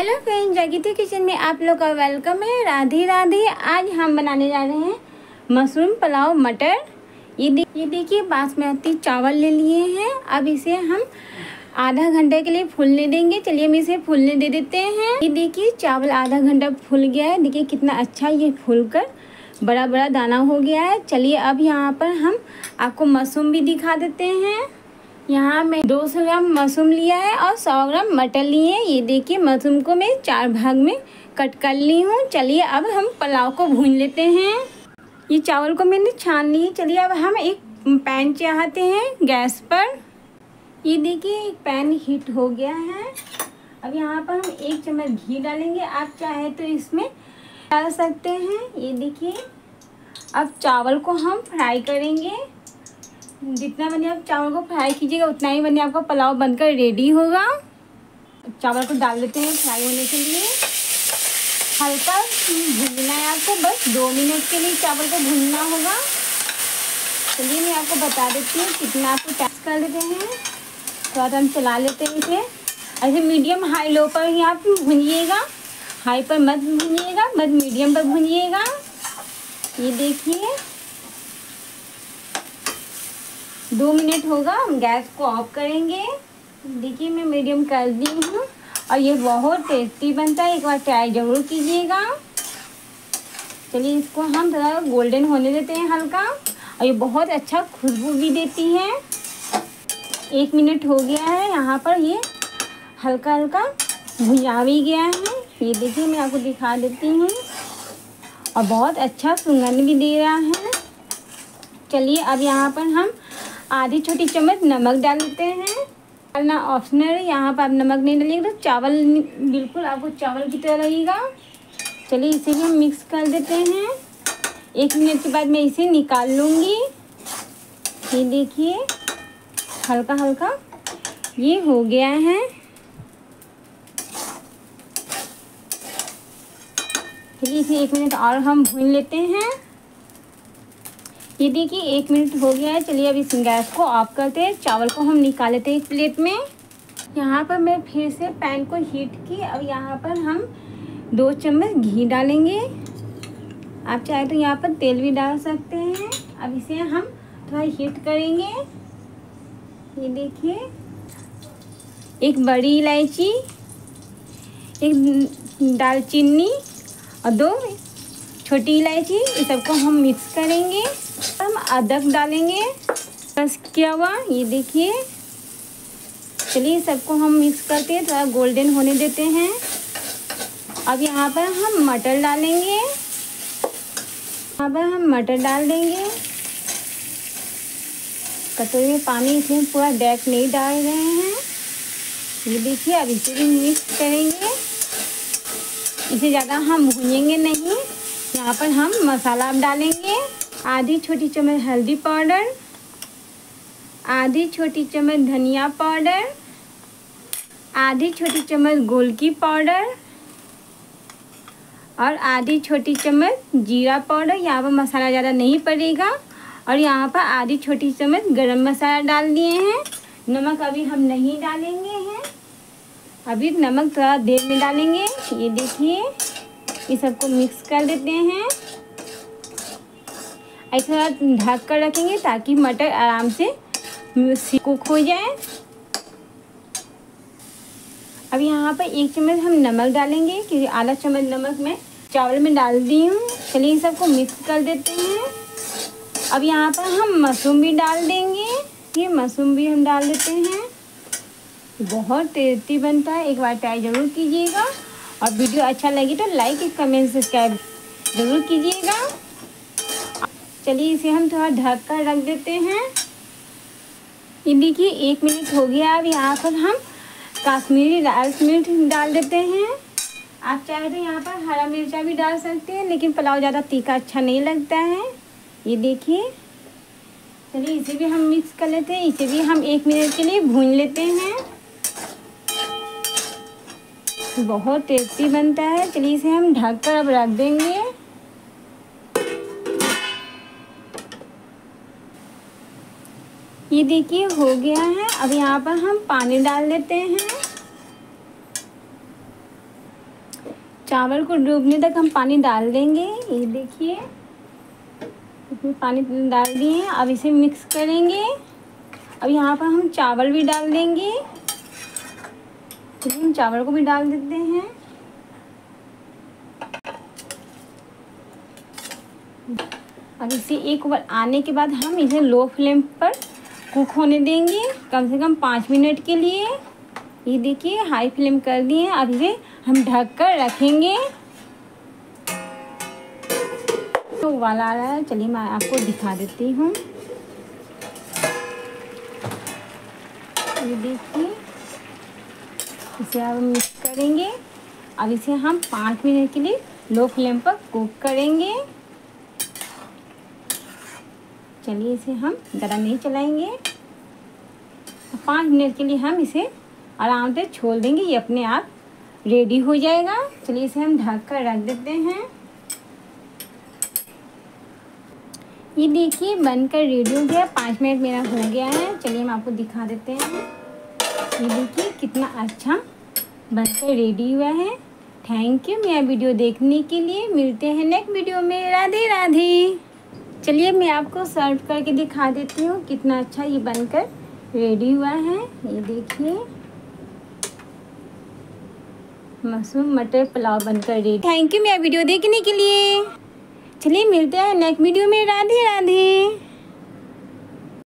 hello friend जगीती kitchen में आप लोग का वेलकम है राधे राधे आज हम बनाने जा रहे हैं मशरूम पुलाव मटर ये ये देखिए बासमती चावल ले लिए हैं अब इसे हम आधा घंटे के लिए फूलने देंगे चलिए हम इसे फूलने दे देते हैं ये देखिए चावल आधा घंटा फूल गया है देखिए कितना अच्छा ये फूल कर बड़ा बड़ा दाना हो गया है चलिए अब यहाँ पर हम आपको मशरूम भी दिखा देते हैं यहाँ मैं 200 ग्राम मशरूम लिया है और 100 ग्राम मटर लिए हैं ये देखिए मशरूम को मैं चार भाग में कट कर ली हूँ चलिए अब हम पुलाव को भून लेते हैं ये चावल को मैंने छान लिए चलिए अब हम एक पैन चढ़ाते हैं गैस पर ये देखिए एक पैन हीट हो गया है अब यहाँ पर हम एक चम्मच घी डालेंगे आप चाहे तो इसमें डाल सकते हैं ये देखिए अब चावल को हम फ्राई करेंगे जितना मैंने आप चावल को फ्राई कीजिएगा उतना ही मैंने आपका पुलाव बनकर रेडी होगा चावल को डाल देते हैं फ्राई होने के लिए हल्का भूनना है आपको बस दो मिनट के लिए चावल को भूनना होगा चलिए मैं आपको बता देती हूँ कितना आपको टैक्स कर लेते हैं थोड़ा तो हम चला लेते हैं इसे ऐसे मीडियम हाई लो पर ही आप भूनिएगा हाई पर मत भूनिएगा मत मीडियम पर भूनिएगा ये देखिए दो मिनट होगा हम गैस को ऑफ करेंगे देखिए मैं मीडियम कर दी हूँ और ये बहुत टेस्टी बनता है एक बार ट्राई ज़रूर कीजिएगा चलिए इसको हम थोड़ा गोल्डन होने देते हैं हल्का और ये बहुत अच्छा खुशबू भी देती है एक मिनट हो गया है यहाँ पर ये हल्का हल्का भुजा भी गया है ये देखिए मैं आपको दिखा देती हूँ और बहुत अच्छा सुगंध भी दे रहा है चलिए अब यहाँ पर हम आधी छोटी चम्मच नमक डाल देते हैं डालना ऑप्शनल है यहाँ पर आप नमक नहीं डालिएगा तो चावल बिल्कुल आपको चावल की तरह लगेगा चलिए इसे भी हम मिक्स कर देते हैं एक मिनट के बाद मैं इसे निकाल लूँगी ये देखिए हल्का हल्का ये हो गया है चलिए इसे एक मिनट और हम भून लेते हैं ये देखिए एक मिनट हो गया है चलिए अब इस गैस को ऑफ करते हैं चावल को हम निकाल लेते हैं प्लेट में यहाँ पर मैं फिर से पैन को हीट की अब यहाँ पर हम दो चम्मच घी डालेंगे आप चाहे तो यहाँ पर तेल भी डाल सकते हैं अब इसे हम थोड़ा हीट करेंगे ये देखिए एक बड़ी इलायची एक दालचीनी और दो छोटी इलायची इन सबको हम मिक्स करेंगे हम अदरक डालेंगे बस किया हुआ ये देखिए चलिए सबको हम मिक्स करते हैं थोड़ा गोल्डन होने देते हैं अब यहाँ पर हम मटर डालेंगे यहाँ पर हम मटर डाल देंगे कटोरी में पानी इसमें पूरा डैक नहीं डाल रहे हैं ये देखिए अब इसे भी मिक्स करेंगे इसे ज़्यादा हम भूनेंगे नहीं यहाँ पर हम मसाला अब डालेंगे आधी छोटी चम्मच हल्दी पाउडर आधी छोटी चम्मच धनिया पाउडर आधी छोटी चम्मच गोलकी पाउडर और आधी छोटी चम्मच जीरा पाउडर यहाँ पर मसाला ज़्यादा नहीं पड़ेगा और यहाँ पर आधी छोटी चम्मच गरम मसाला डाल दिए हैं नमक अभी हम नहीं डालेंगे हैं अभी नमक थोड़ा देर में डालेंगे ये देखिए ये सबको मिक्स कर देते हैं ऐसा ढक कर रखेंगे ताकि मटर आराम से कुक हो जाए अब यहाँ पर एक चम्मच हम नमक डालेंगे क्योंकि आधा चम्मच नमक मैं चावल में डाल दी हूँ चलिए सबको मिक्स कर देते हैं अब यहाँ पर हम मशरूम भी डाल देंगे ये मशरूम भी हम डाल देते हैं बहुत टेस्टी बनता है एक बार ट्राई ज़रूर कीजिएगा और वीडियो अच्छा लगे तो लाइक कमेंट सब्सक्राइब ज़रूर कीजिएगा चलिए इसे हम थोड़ा ढक कर रख देते हैं ये देखिए एक मिनट हो गया अब यहाँ पर हम काश्मीरी लाल मिर्च डाल देते हैं आप चाहे तो यहाँ पर हरा मिर्चा भी डाल सकते हैं लेकिन पुलाव ज़्यादा तीखा अच्छा नहीं लगता है ये देखिए चलिए इसे भी हम मिक्स कर लेते हैं इसे भी हम एक मिनट के लिए भून लेते हैं बहुत टेस्टी बनता है चलिए इसे हम ढक कर अब रख देंगे ये देखिए हो गया है अब यहाँ पर हम पानी डाल देते हैं चावल को डूबने तक हम पानी डाल देंगे ये देखिए इसमें पानी डाल दिए अब इसे मिक्स करेंगे अब यहाँ पर हम चावल भी डाल देंगे हम चावल को भी डाल देते हैं अब इसे एक बार आने के बाद हम इसे लो फ्लेम पर कुक होने देंगे कम से कम पाँच मिनट के लिए ये देखिए हाई फ्लेम कर दिए अब इसे हम ढक कर रखेंगे तो वाला आ रहा है चलिए मैं आपको दिखा देती हूँ ये देखिए इसे अब मिक्स करेंगे अब इसे हम पाँच मिनट के लिए लो फ्लेम पर कुक करेंगे चलिए इसे हम ज़रा नहीं चलाएंगे पाँच मिनट के लिए हम इसे आराम से छोड़ देंगे ये अपने आप रेडी हो जाएगा चलिए इसे हम ढक कर रख देते हैं ये देखिए बनकर रेडी हो गया पाँच मिनट मेरा हो गया है चलिए हम आपको दिखा देते हैं ये देखिए कितना अच्छा बनकर रेडी हुआ है थैंक यू मेरा वीडियो देखने के लिए मिलते हैं नेक्स्ट वीडियो में राधे राधे चलिए मैं आपको सर्व करके दिखा देती हूँ कितना अच्छा ये बनकर रेडी हुआ है ये देखिए मशरूम मटर पुलाव बनकर रेडी थैंक यू मेरा वीडियो देखने के लिए चलिए मिलते हैं नेक्स्ट वीडियो में राधे राधे